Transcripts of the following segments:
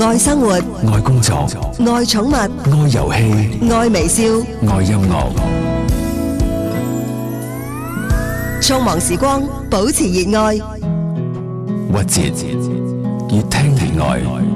愛生活，愛工作，愛寵物，愛遊戲，愛微笑，愛音樂。匆忙時光，保持熱愛，郁折，越聽越愛。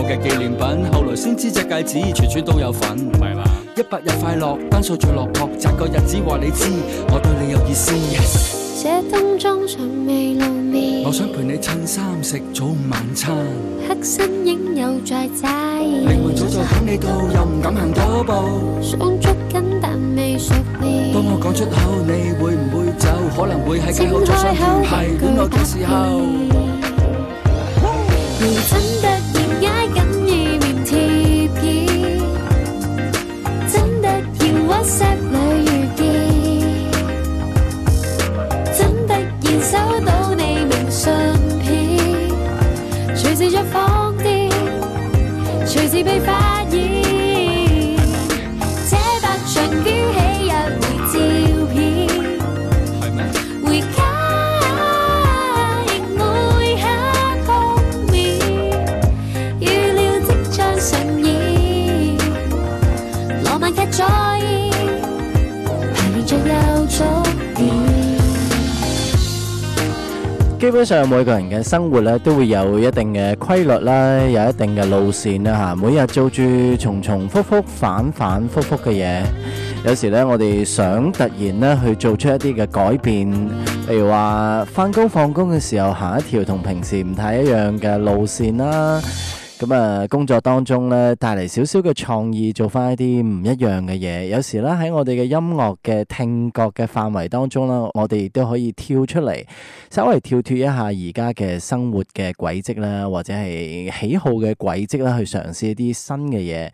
我嘅紀念品，後來先知隻戒指，處處都有份，唔係啦。一百日快樂，單數最落魄，摘個日子話你知，我對你有意思。這冬裝尚未露面，我想陪你襯衫食早午晚餐。黑身影又在擠，靈魂早就等你到，又唔敢行多步，想捉緊但未熟練。當我講出口，你會唔會走？可能會喺最後才相知，係戀愛嘅時候。隨時在放電，隨時被發現。基本上每個人嘅生活咧都會有一定嘅規律啦，有一定嘅路線啦吓，每日做住重重複複、反反复复嘅嘢。有時咧，我哋想突然咧去做出一啲嘅改變，譬如話翻工放工嘅時候行一條同平時唔太一樣嘅路線啦。咁啊，工作當中咧，帶嚟少少嘅創意，做翻一啲唔一樣嘅嘢。有時咧，喺我哋嘅音樂嘅聽覺嘅範圍當中啦，我哋亦都可以跳出嚟，稍微跳脱一下而家嘅生活嘅軌跡啦，或者係喜好嘅軌跡啦，去嘗試一啲新嘅嘢。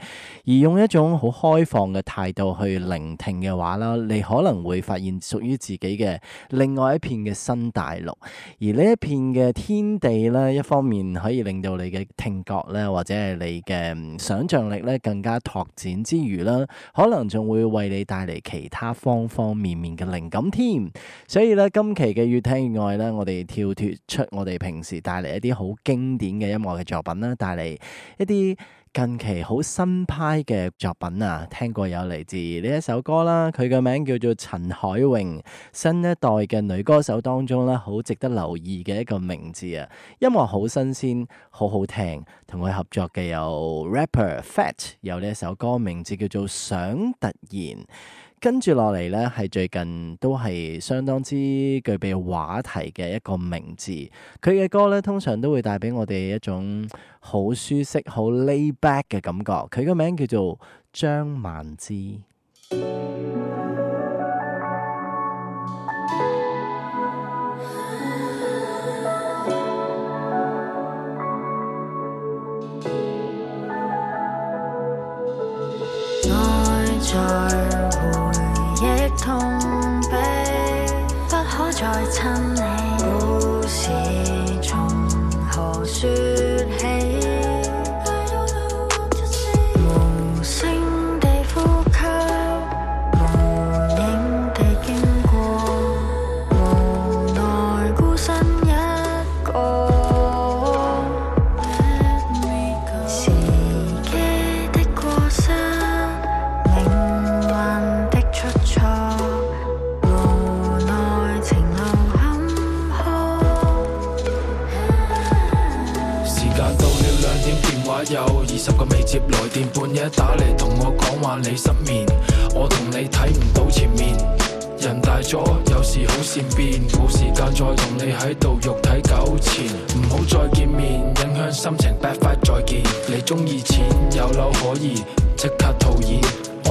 而用一種好開放嘅態度去聆聽嘅話啦，你可能會發現屬於自己嘅另外一片嘅新大陸，而呢一片嘅天地咧，一方面可以令到你嘅聽覺。或者係你嘅想像力咧，更加拓展之餘啦，可能仲會為你帶嚟其他方方面面嘅靈感添。所以咧，今期嘅越聽越愛咧，我哋跳脱出我哋平時帶嚟一啲好經典嘅音樂嘅作品啦，帶嚟一啲，近期好新派嘅作品啊，聽過有嚟自呢一首歌啦，佢嘅名叫做陳海榮，新一代嘅女歌手當中咧，好值得留意嘅一個名字啊。音樂好新鮮，好好聽，同佢合作嘅有 rapper Fat，有呢一首歌，名字叫做想突然。跟住落嚟呢，係最近都係相當之具備話題嘅一個名字。佢嘅歌呢，通常都會帶俾我哋一種好舒適、好 laid back 嘅感覺。佢個名叫做張曼姿。 再親你。十個未接來電，半夜打嚟同我講話你失眠，我同你睇唔到前面。人大咗，有時好善變，冇時間再同你喺度肉體糾纏，唔好再見面，影響心情。Bye bye，再見。你中意錢有樓可以即刻套現，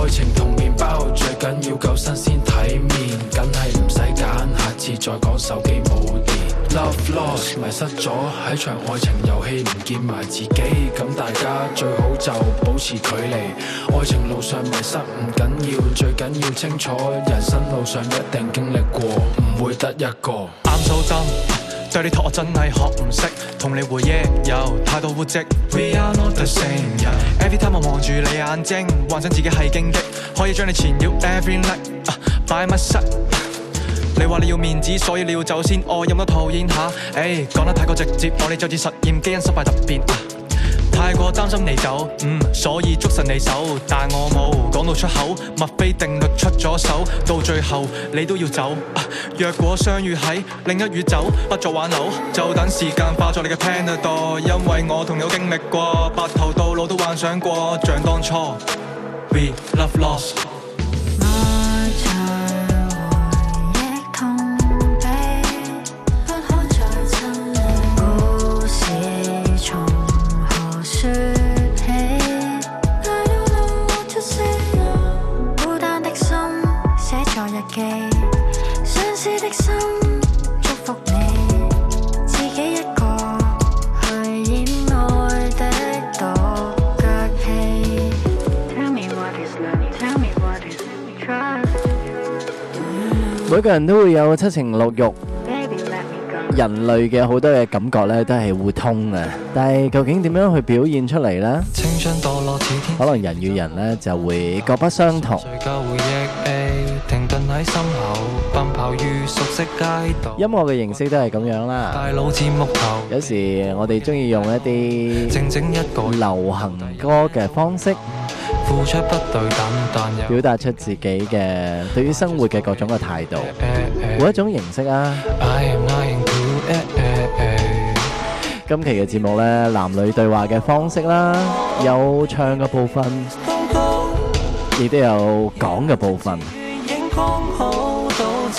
愛情同麵包最緊要夠新鮮體面，梗係唔使揀，下次再講手機冇電。Love lost，迷失咗喺場愛情遊戲，唔見埋自己，咁大家最好就保持距離。愛情路上迷失唔緊要，最緊要清楚，人生路上一定經歷過，唔會得一個。I'm so done，對你同我真係學唔識，同你回憶有太多活迹。We are not the same，Every Yeah. time 我望住你眼睛，幻想自己係荊棘，可以將你纏繞。Every night、uh, by m 你話你要面子，所以你要先走先。我忍都討厭下誒，講、欸、得太過直接，我你就好似實驗基因失敗突變啊。太過擔心你走，嗯，所以捉實你手，但我冇講到出口，莫非定律出咗手？到最後你都要走。啊、若果相遇喺另一宇宙，不作挽留，就等時間化作你嘅 Pandora。因為我同你都經歷過，白頭到老都幻想過，像當初。We love lost。相思的心祝福你，每個人都會有七情六欲，人類嘅好多嘅感覺咧都係互通嘅。但係究竟點樣去表現出嚟呢？可能人與人咧就會各不相同。音樂嘅形式都係咁樣啦。有時我哋鍾意用一啲流行歌嘅方式，表達出自己嘅對於生活嘅各種嘅態度。每一種形式啊。今期嘅節目呢，男女對話嘅方式啦，有唱嘅部分，亦都有講嘅部分。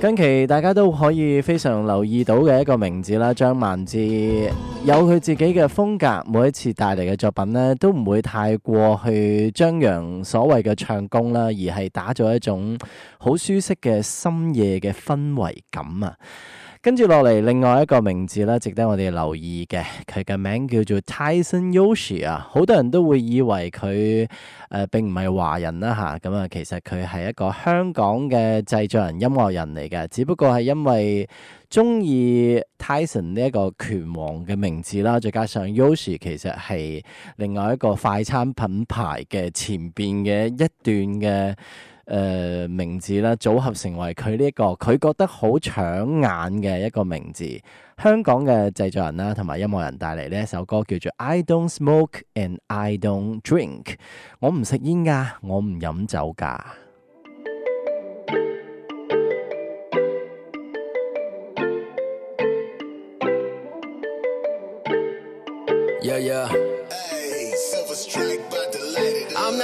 近期大家都可以非常留意到嘅一個名字啦，張曼姿有佢自己嘅風格，每一次帶嚟嘅作品呢，都唔會太過去張揚所謂嘅唱功啦，而係打造一種好舒適嘅深夜嘅氛圍感啊！跟住落嚟，另外一個名字咧，值得我哋留意嘅，佢嘅名叫做 Tyson Yoshi 啊！好多人都會以為佢誒、呃、並唔係華人啦吓，咁啊、嗯，其實佢係一個香港嘅製作人、音樂人嚟嘅，只不過係因為中意 Tyson 呢一個拳王嘅名字啦，再加上 Yoshi 其實係另外一個快餐品牌嘅前邊嘅一段嘅。誒、呃、名字啦，組合成為佢呢一個佢覺得好搶眼嘅一個名字。香港嘅製作人啦，同埋音樂人帶嚟呢一首歌叫做《I Don't Smoke And I Don't Drink》，我唔食煙㗎，我唔飲酒㗎。Yeah, yeah. Hey,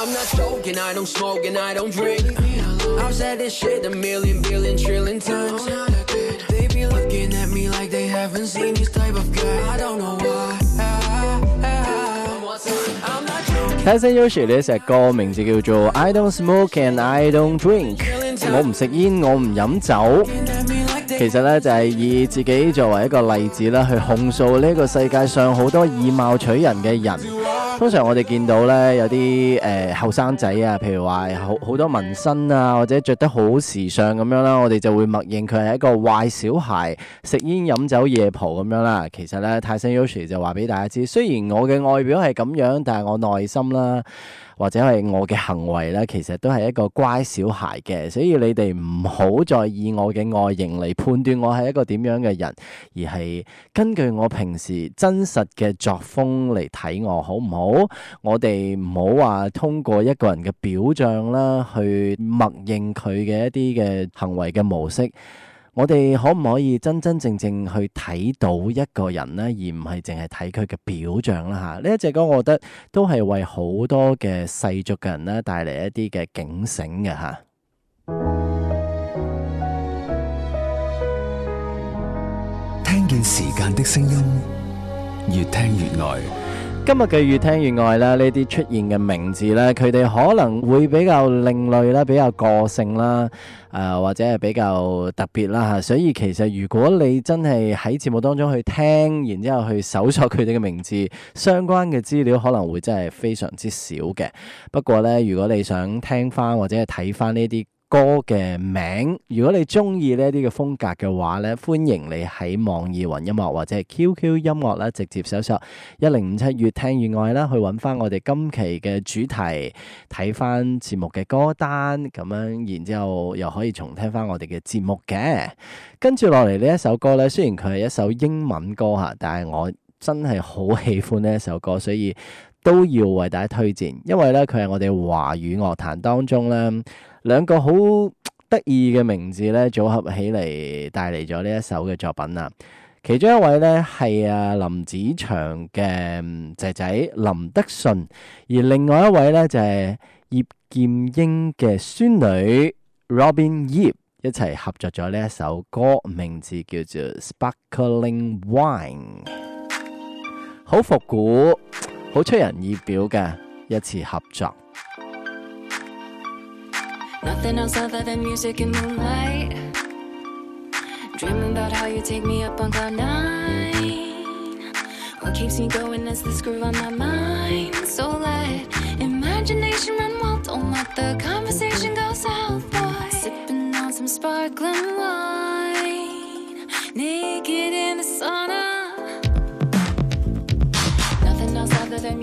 Tyson Yoshi 唱呢一首歌，名字叫做 I Don't Smoke and I Don't Drink。我唔食煙，我唔飲酒。其實咧就係、是、以自己作為一個例子啦，去控訴呢個世界上好多以貌取人嘅人。通常我哋見到呢，有啲誒後生仔啊，譬如話好好多紋身啊，或者着得好時尚咁樣啦，我哋就會默認佢係一個壞小孩，食煙飲酒夜蒲咁樣啦。其實呢，泰森 Yoshi 就話俾大家知，雖然我嘅外表係咁樣，但係我內心啦。或者係我嘅行為咧，其實都係一個乖小孩嘅，所以你哋唔好再以我嘅外形嚟判斷我係一個點樣嘅人，而係根據我平時真實嘅作風嚟睇我好唔好？我哋唔好話通過一個人嘅表象啦，去默認佢嘅一啲嘅行為嘅模式。我哋可唔可以真真正正去睇到一個人呢，而唔係淨係睇佢嘅表象啦？吓，呢一隻歌，我覺得都係為好多嘅世俗嘅人咧，帶嚟一啲嘅警醒嘅吓。聽見時間的聲音，越聽越耐。今日嘅越聽越愛啦，呢啲出現嘅名字呢，佢哋可能會比較另類啦，比較個性啦，誒、呃、或者係比較特別啦吓。所以其實如果你真係喺節目當中去聽，然之後去搜索佢哋嘅名字相關嘅資料，可能會真係非常之少嘅。不過呢，如果你想聽翻或者係睇翻呢啲歌嘅名，如果你中意呢啲嘅風格嘅話咧，歡迎你喺網易雲音樂或者係 QQ 音樂啦，直接搜索一零五七越聽越愛啦，去揾翻我哋今期嘅主題，睇翻節目嘅歌單，咁樣然之後又可以重聽翻我哋嘅節目嘅。跟住落嚟呢一首歌呢，雖然佢係一首英文歌嚇，但係我真係好喜歡呢一首歌，所以，都要為大家推薦，因為咧佢係我哋華語樂壇當中咧兩個好得意嘅名字咧組合起嚟，帶嚟咗呢一首嘅作品啊！其中一位咧係阿林子祥嘅仔仔林德信，而另外一位咧就係葉劍英嘅孫女 Robin 葉一齊合作咗呢一首歌，名字叫做《Sparkling Wine》，好復古。好出人意表嘅一次合作。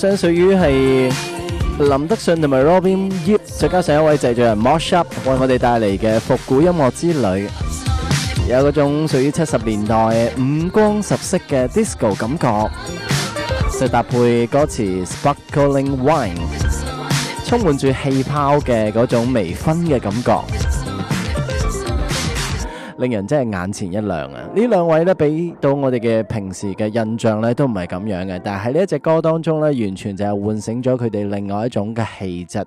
相屬於係林德信同埋 Robin Yip 再加上一位製作人 Moshup，為我哋帶嚟嘅復古音樂之旅，有嗰種屬於七十年代五光十色嘅 disco 感覺，再搭配歌詞 Sparkling Wine，充滿住氣泡嘅嗰種微醺嘅感覺。令人真係眼前一亮啊！呢兩位咧，俾到我哋嘅平時嘅印象咧都唔係咁樣嘅，但係呢一隻歌當中咧，完全就係喚醒咗佢哋另外一種嘅氣質，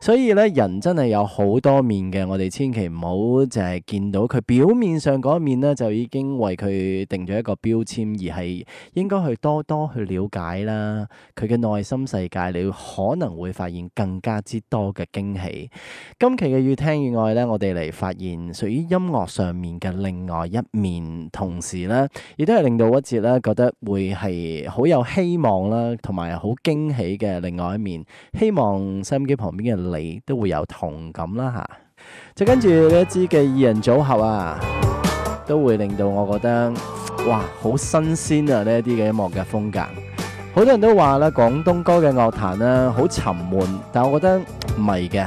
所以咧，人真係有好多面嘅，我哋千祈唔好就係見到佢表面上嗰一面咧，就已經為佢定咗一個標籤，而係應該去多多去了解啦，佢嘅內心世界，你可能會發現更加之多嘅驚喜。今期嘅越聽越愛咧，我哋嚟發現屬於音樂上面嘅另外一面，同時呢，亦都係令到一節咧覺得會係好有希望啦，同埋好驚喜嘅另外一面。希望收音機旁邊嘅你都會有同感啦，吓。就跟住呢一支嘅二人組合啊，都會令到我覺得哇，好新鮮啊，呢一啲嘅音樂嘅風格。好多人都話咧廣東歌嘅樂壇呢，好沉悶，但我覺得唔係嘅。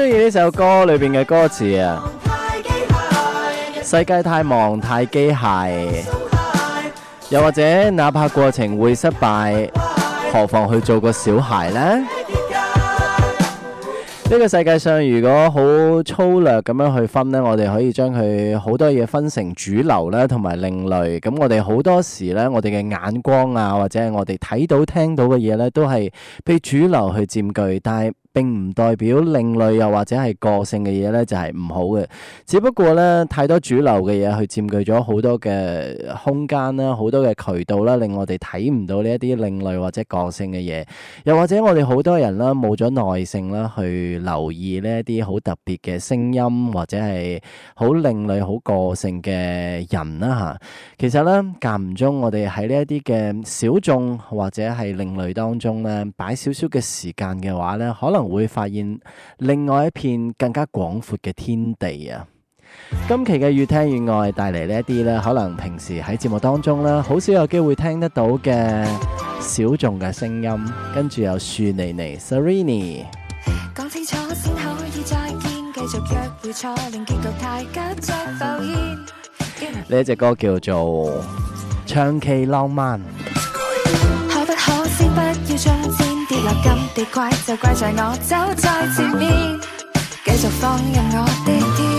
中意呢首歌裏邊嘅歌詞啊，世界太忙太機械，又或者哪怕過程會失敗，何妨去做個小孩呢？呢 個世界上如果好粗略咁樣去分呢，我哋可以將佢好多嘢分成主流啦，同埋另類。咁我哋好多時呢，我哋嘅眼光啊，或者我哋睇到聽到嘅嘢呢，都係被主流去佔據，但係。並唔代表另類又或者係個性嘅嘢呢，就係唔好嘅。只不過呢，太多主流嘅嘢去佔據咗好多嘅空間啦，好多嘅渠道啦，令我哋睇唔到呢一啲另類或者個性嘅嘢。又或者我哋好多人啦，冇咗耐性啦，去留意呢一啲好特別嘅聲音或者係好另類、好個性嘅人啦。吓，其實呢，間唔中，我哋喺呢一啲嘅小眾或者係另類當中呢，擺少少嘅時間嘅話呢，可能。會發現另外一片更加廣闊嘅天地啊！今期嘅越聽越愛帶嚟呢一啲咧，可能平時喺節目當中咧，好少有機會聽得到嘅小眾嘅聲音，跟住有樹妮妮 Sereni，呢一隻歌叫做《唱 K 浪漫》。跌落金地怪，就怪在我走在前面，繼續放任我的天。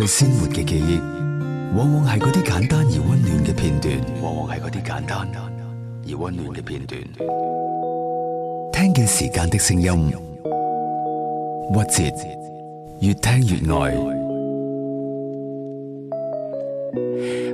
最鮮活嘅記憶，往往係嗰啲簡單而溫暖嘅片段。往往係嗰啲簡單而溫暖嘅片段。聽見時間的聲音，曲折，越聽越愛。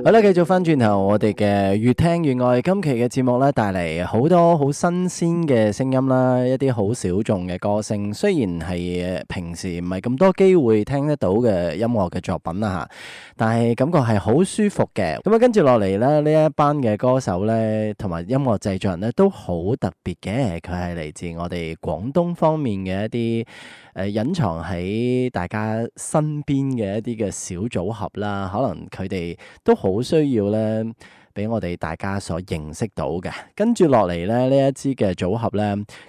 好啦，Alright, 繼續翻轉頭，我哋嘅越聽越愛今期嘅節目呢，帶嚟好多好新鮮嘅聲音啦，一啲好小眾嘅歌聲，雖然係平時唔係咁多機會聽得到嘅音樂嘅作品啦，吓，但係感覺係好舒服嘅。咁啊，跟住落嚟呢，呢一班嘅歌手呢，同埋音樂製作人呢，都好特別嘅。佢係嚟自我哋廣東方面嘅一啲。誒隱藏喺大家身邊嘅一啲嘅小組合啦，可能佢哋都好需要咧，俾我哋大家所認識到嘅。跟住落嚟咧，呢一支嘅組合咧，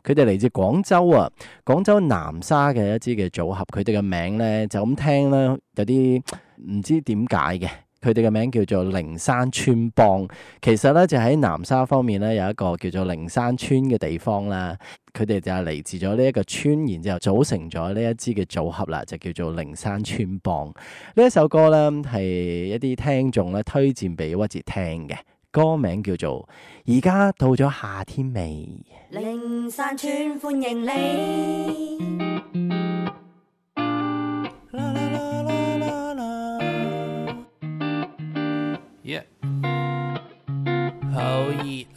佢哋嚟自廣州啊，廣州南沙嘅一支嘅組合，佢哋嘅名咧就咁聽咧，有啲唔知點解嘅。佢哋嘅名叫做靈山村幫，其實咧就喺南沙方面咧有一個叫做靈山村嘅地方啦。佢哋就係嚟自咗呢一個村，然之後組成咗呢一支嘅組合啦，就叫做靈山村幫。呢一首歌咧係一啲聽眾咧推薦俾屈哲聽嘅，歌名叫做《而家到咗夏天未》。靈山村歡迎你。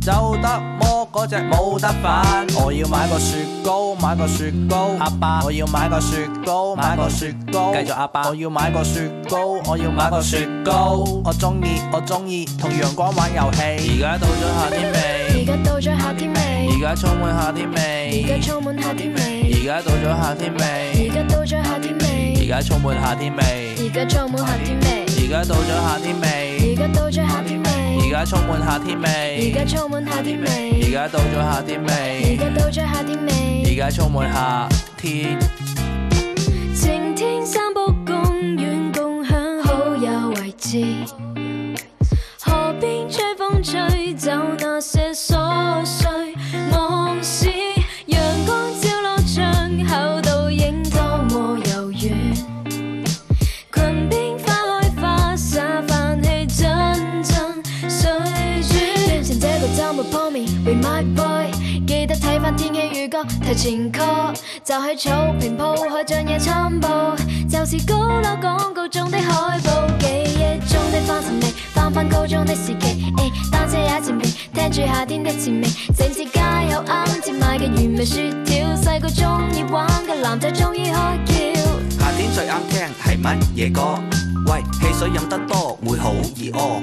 就得摸嗰隻冇得反，我要買個雪糕，買個雪糕，阿爸我要買個雪糕，買個雪糕，繼續阿爸我要買個雪糕，我要買個雪糕，我中意我中意同陽光玩遊戲，而家到咗夏天未？而家到咗夏天未？而家充滿夏天未？而家充滿夏天未？而家到咗夏天未？而家到咗夏天未？而家充滿夏天未？而家充滿夏天未？而家到咗夏天未？而家到咗夏天。而家充滿夏天味，而家充滿夏天味，而家到咗夏天味，而家到咗夏天味，而家充滿夏天。晴天散步公園共享好友位置，河邊吹風吹走。天氣預告提前 call，就喺草坪鋪開張野餐布，就似、就是、高樓廣告中的海報。記憶中的芳草味，翻返高中的時期，單、哎、車也前變，聽住夏天的滋味。城市街有啱節買嘅原味雪條，細個中意玩嘅男仔終於開竅。夏天最啱聽係乜嘢歌？喂，汽水飲得多會好熱哦。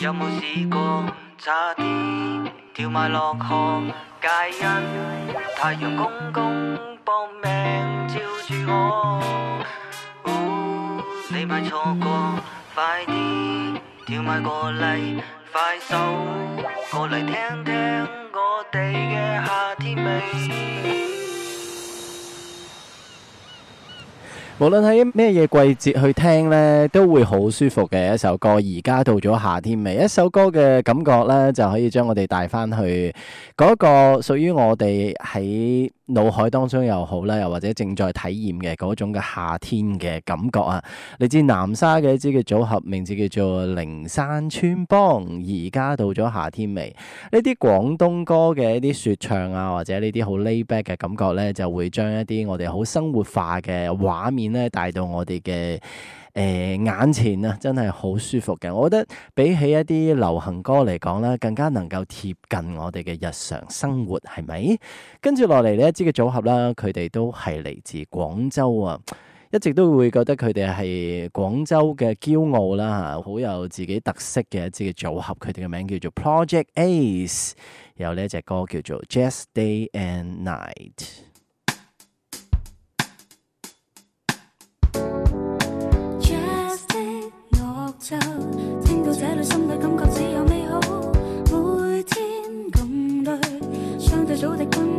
有冇試過？差啲跳埋落河，皆因太陽公公搏命照住我。唔、哦，你咪係錯過，快啲跳埋過嚟，快手過嚟聽聽我哋嘅夏天味。無論喺咩嘢季節去聽咧，都會好舒服嘅一首歌。而家到咗夏天未？一首歌嘅感覺咧，就可以將我哋帶翻去嗰個屬於我哋喺。腦海當中又好啦，又或者正在體驗嘅嗰種嘅夏天嘅感覺啊！嚟自南沙嘅一支嘅組合，名字叫做《靈山村幫》。而家到咗夏天未？呢啲廣東歌嘅一啲説唱啊，或者呢啲好 layback 嘅感覺呢，就會將一啲我哋好生活化嘅畫面呢帶到我哋嘅。誒眼前啊，真係好舒服嘅。我覺得比起一啲流行歌嚟講啦，更加能夠貼近我哋嘅日常生活，係咪？跟住落嚟呢一支嘅組合啦，佢哋都係嚟自廣州啊，一直都會覺得佢哋係廣州嘅驕傲啦，好有自己特色嘅一支嘅組合。佢哋嘅名叫做 Project Ace，有呢一隻歌叫做 Jazz Day and Night。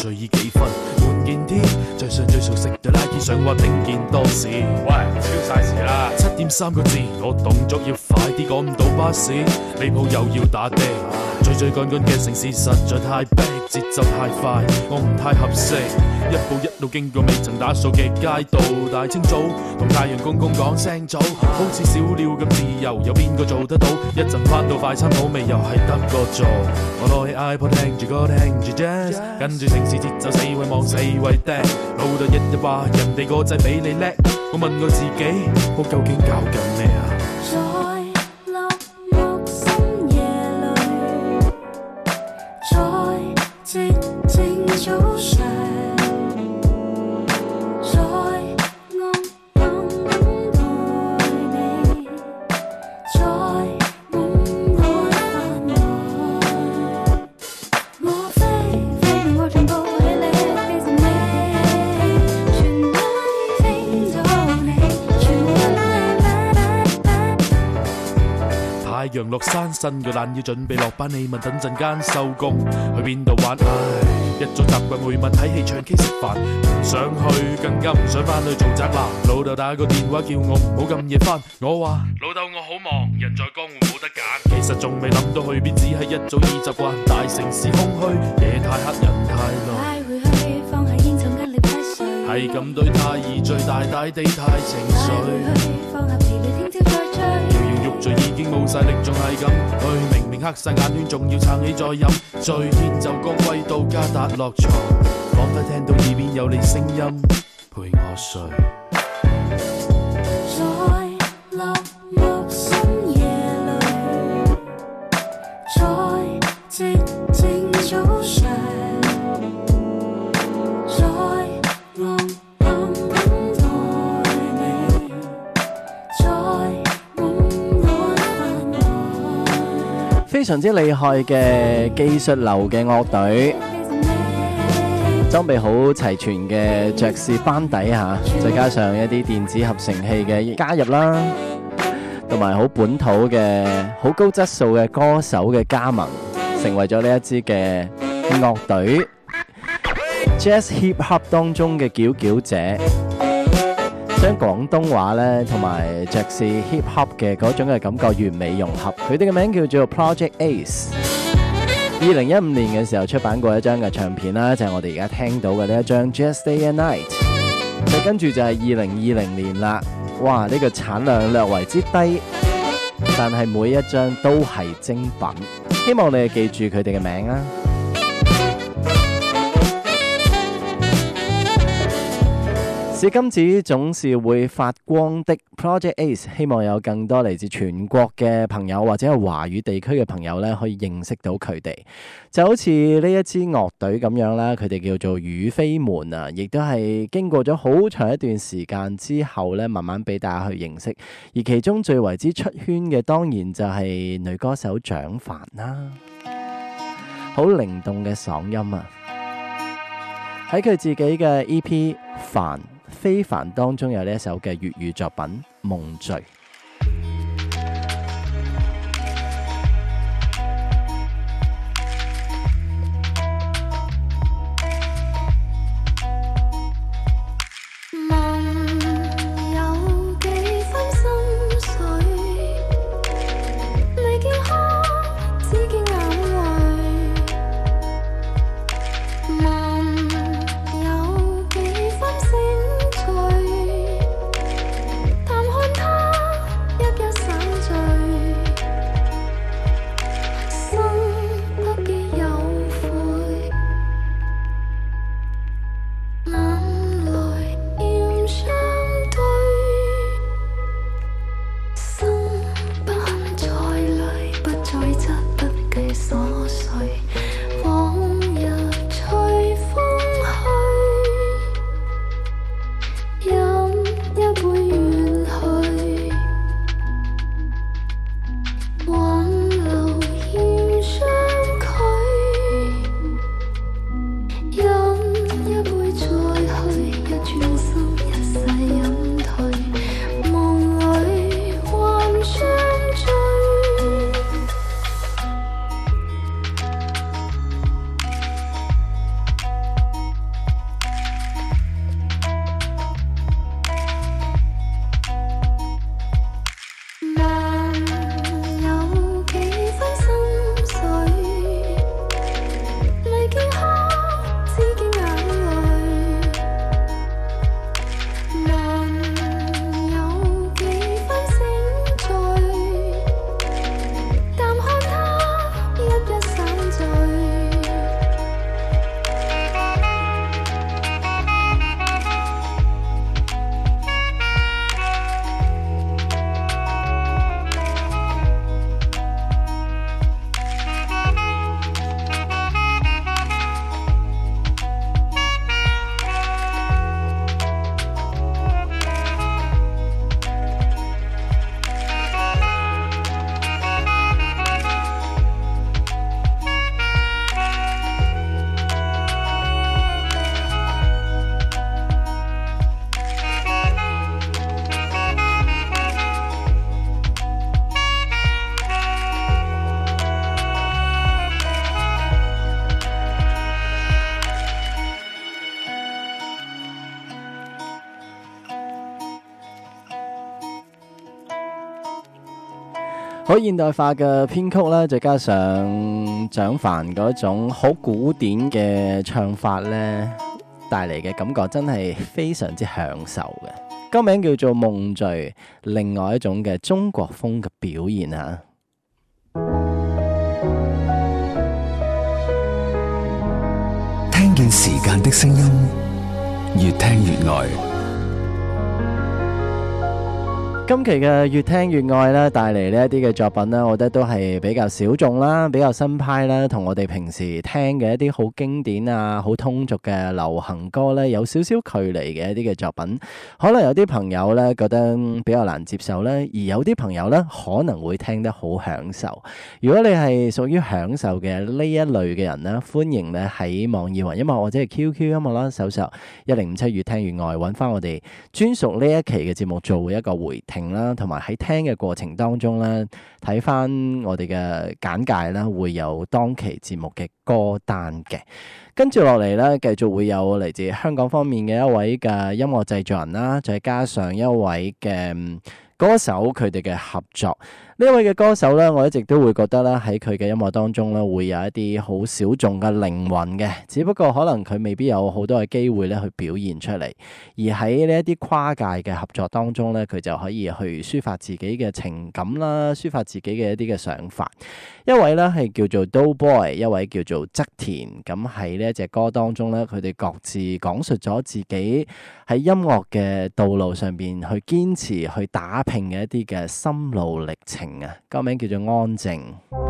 隨意幾分？換件 T，最上最熟悉嘅拉鍊上想話頂件多士。喂，超晒時啦！七點三個字，我動作要快啲，趕唔到巴士，你部又要打的。最最乾乾嘅城市實在太逼。節奏太快，我唔太合適。一步一路經過未曾打掃嘅街道，大清早同太陽公公講聲早，好似小鳥咁自由，有邊個做得到？一陣返到快餐好味，又係得個做。我攞起 iPod 聽住歌，聽住啫。跟住城市節奏四圍望四圍睇，老豆日日話人哋個仔比你叻，我問我自己，我究竟搞緊咩啊？真個難要準備落班，你問等陣間收工去邊度玩？唉，一早習慣每晚睇戲、唱 K、食飯，唔想去，更加唔想返去做宅男。老豆打個電話叫我唔好咁夜返，我話老豆我好忙，人在江湖冇得揀。其實仲未諗到去邊，只係一早已習慣大城市空虛，夜太黑，人太耐。快回去，放下煙草壓力，低垂。係咁對他而最大大地太情緒。快回去，放下事了，聽朝再。就已經冇晒力，仲係咁佢明明黑晒眼圈，仲要撐起再飲。醉天就光歸到家，達落床。仿佛聽到耳邊有你聲音，陪我睡。非常之厲害嘅技術流嘅樂隊，裝備好齊全嘅爵士班底吓，再加上一啲電子合成器嘅加入啦，同埋好本土嘅好高質素嘅歌手嘅加盟，成為咗呢一支嘅樂隊，Jazz Hip Hop 當中嘅佼佼者。將廣東話咧同埋爵士 hip hop 嘅嗰種嘅感覺完美融合，佢哋嘅名叫做 Project Ace。二零一五年嘅時候出版過一張嘅唱片啦，就係我哋而家聽到嘅呢一張 Just Day and Night。跟住就係二零二零年啦，哇！呢個產量略為之低，但係每一張都係精品。希望你記住佢哋嘅名啊！至今止，總是會發光的 Project Ace，希望有更多嚟自全國嘅朋友，或者係華語地區嘅朋友咧，可以認識到佢哋。就好似呢一支樂隊咁樣啦，佢哋叫做雨飛門啊，亦都係經過咗好長一段時間之後咧，慢慢俾大家去認識。而其中最為之出圈嘅，當然就係女歌手蔣凡啦，好靈動嘅嗓音啊，喺佢自己嘅 EP《凡》。非凡當中有呢一首嘅粵語作品《夢醉》。現代化嘅編曲咧，再加上蔣凡嗰種好古典嘅唱法咧，帶嚟嘅感覺真係非常之享受嘅。歌名叫做《夢醉》，另外一種嘅中國風嘅表現吓。聽見時間的聲音，越聽越愛。今期嘅越聽越愛咧，帶嚟呢一啲嘅作品咧，我覺得都係比較小眾啦，比較新派啦，同我哋平時聽嘅一啲好經典啊、好通俗嘅流行歌咧，有少少距離嘅一啲嘅作品，可能有啲朋友咧覺得比較難接受咧，而有啲朋友咧可能會聽得好享受。如果你係屬於享受嘅呢一類嘅人咧，歡迎咧喺網易雲音樂或者係 QQ 音樂啦，搜索一零五七越聽越愛，揾翻我哋專屬呢一期嘅節目做一個回聽。啦，同埋喺聽嘅過程當中咧，睇返我哋嘅簡介啦，會有當期節目嘅歌單嘅。跟住落嚟咧，繼續會有嚟自香港方面嘅一位嘅音樂製作人啦，再加上一位嘅歌手，佢哋嘅合作。呢位嘅歌手呢，我一直都會覺得咧，喺佢嘅音樂當中呢，會有一啲好小眾嘅靈魂嘅，只不過可能佢未必有好多嘅機會呢去表現出嚟。而喺呢一啲跨界嘅合作當中呢，佢就可以去抒發自己嘅情感啦，抒發自己嘅一啲嘅想法。一位呢係叫做 Doughboy，一位叫做側田。咁喺呢一隻歌當中呢，佢哋各自講述咗自己喺音樂嘅道路上邊去堅持、去打拼嘅一啲嘅心路歷程。個名叫做安靜。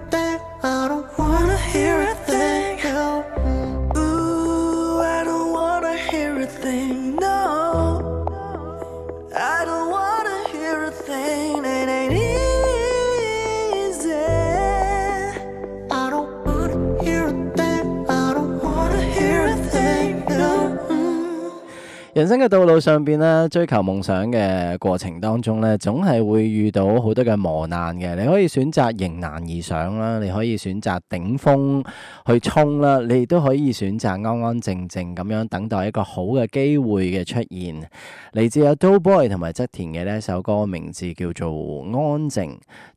人生嘅道路上邊咧，追求夢想嘅過程當中咧，總係會遇到好多嘅磨難嘅。你可以選擇迎難而上啦，你可以選擇頂峰去衝啦，你亦都可以選擇安安靜靜咁樣等待一個好嘅機會嘅出現。嚟自阿 Do Boy 同埋側田嘅呢一首歌，名字叫做《安靜》。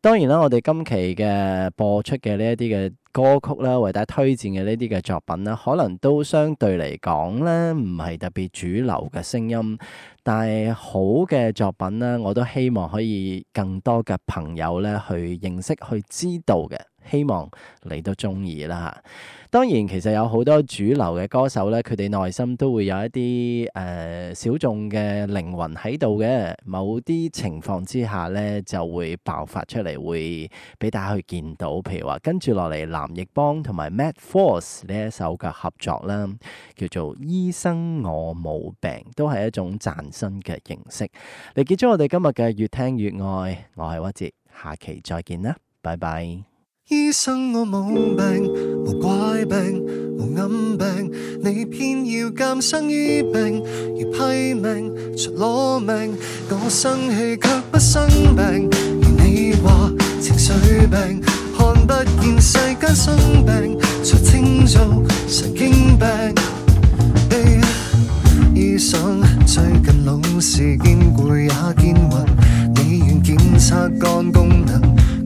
當然啦，我哋今期嘅播出嘅呢一啲嘅。歌曲啦，為大家推薦嘅呢啲嘅作品啦，可能都相對嚟講咧，唔係特別主流嘅聲音，但係好嘅作品咧，我都希望可以更多嘅朋友咧去認識、去知道嘅。希望你都中意啦吓。當然，其實有好多主流嘅歌手呢，佢哋內心都會有一啲誒、呃、小眾嘅靈魂喺度嘅。某啲情況之下呢，就會爆發出嚟，會俾大家去見到。譬如話跟住落嚟，藍奕邦同埋 Matt Force 呢一首嘅合作啦，叫做《醫生我冇病》，都係一種嶄新嘅形式嚟結束我哋今日嘅越聽越愛。我係屈哲，下期再見啦，拜拜。醫生，我冇病，無怪病，無暗病，你偏要鑑生醫病，要批命，才攞命。我生氣卻不生病，而你話情緒病，看不見世間生病，才稱做神經病。醫生，最近老是見攰，也見暈，你願檢測肝功能？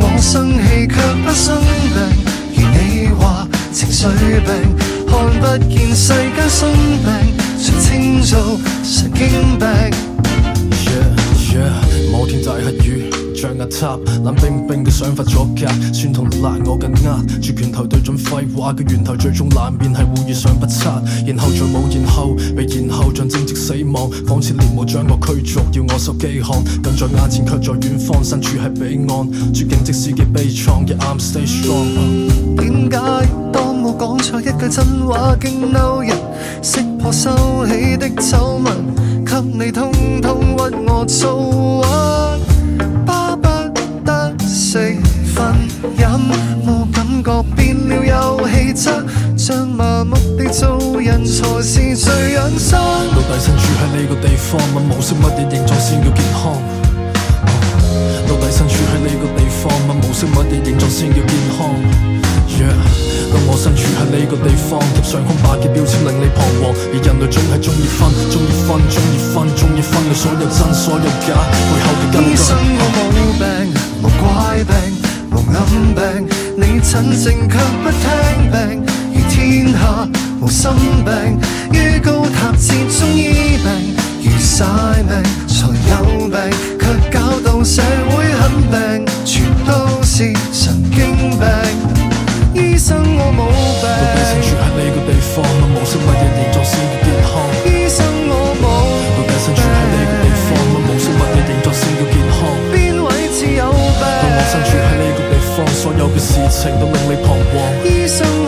我生氣卻不生病，如你話情緒病，看不見世間生病，誰稱做神經病？某、yeah, yeah, 天在下雨。像牙、啊、冷冰冰嘅想法作梗，酸同辣我緊握，住拳頭對準廢話嘅源頭，最終難免係會遇上不測，然後再冇然後，被，然後像正直死亡，仿似獵魔將我驅逐，要我受飢寒，近在眼前卻在遠方，身處喺彼岸，絕境即使嘅悲愴、yeah,，I'm stay strong。點解當我講錯一句真話驚，竟鬧人識破收起的醜聞，給你通通屈我做、啊。話？食、瞓、飲，我感覺變了有氣質，像麻木的做人才是最養生。到底身處喺呢個地方，問無色乜嘢形狀先叫健康、uh,？到底身處喺呢個地方，問無色乜嘢形狀先叫健康？若我身處喺呢個地方，貼上空白嘅標籤令你彷徨，而人類總係中意分，中意分，中意分，中意分，有所有真所有假背後嘅根據、uh,。無怪病，無暗病，你診症卻不聽病，如天下無心病，於高塔接中醫病，如曬命才有病，卻搞到社會很病，全都是神經病。醫生我冇病，到變成住喺呢個地方，我無心為人人作善，健康。別事情都令你彷徨。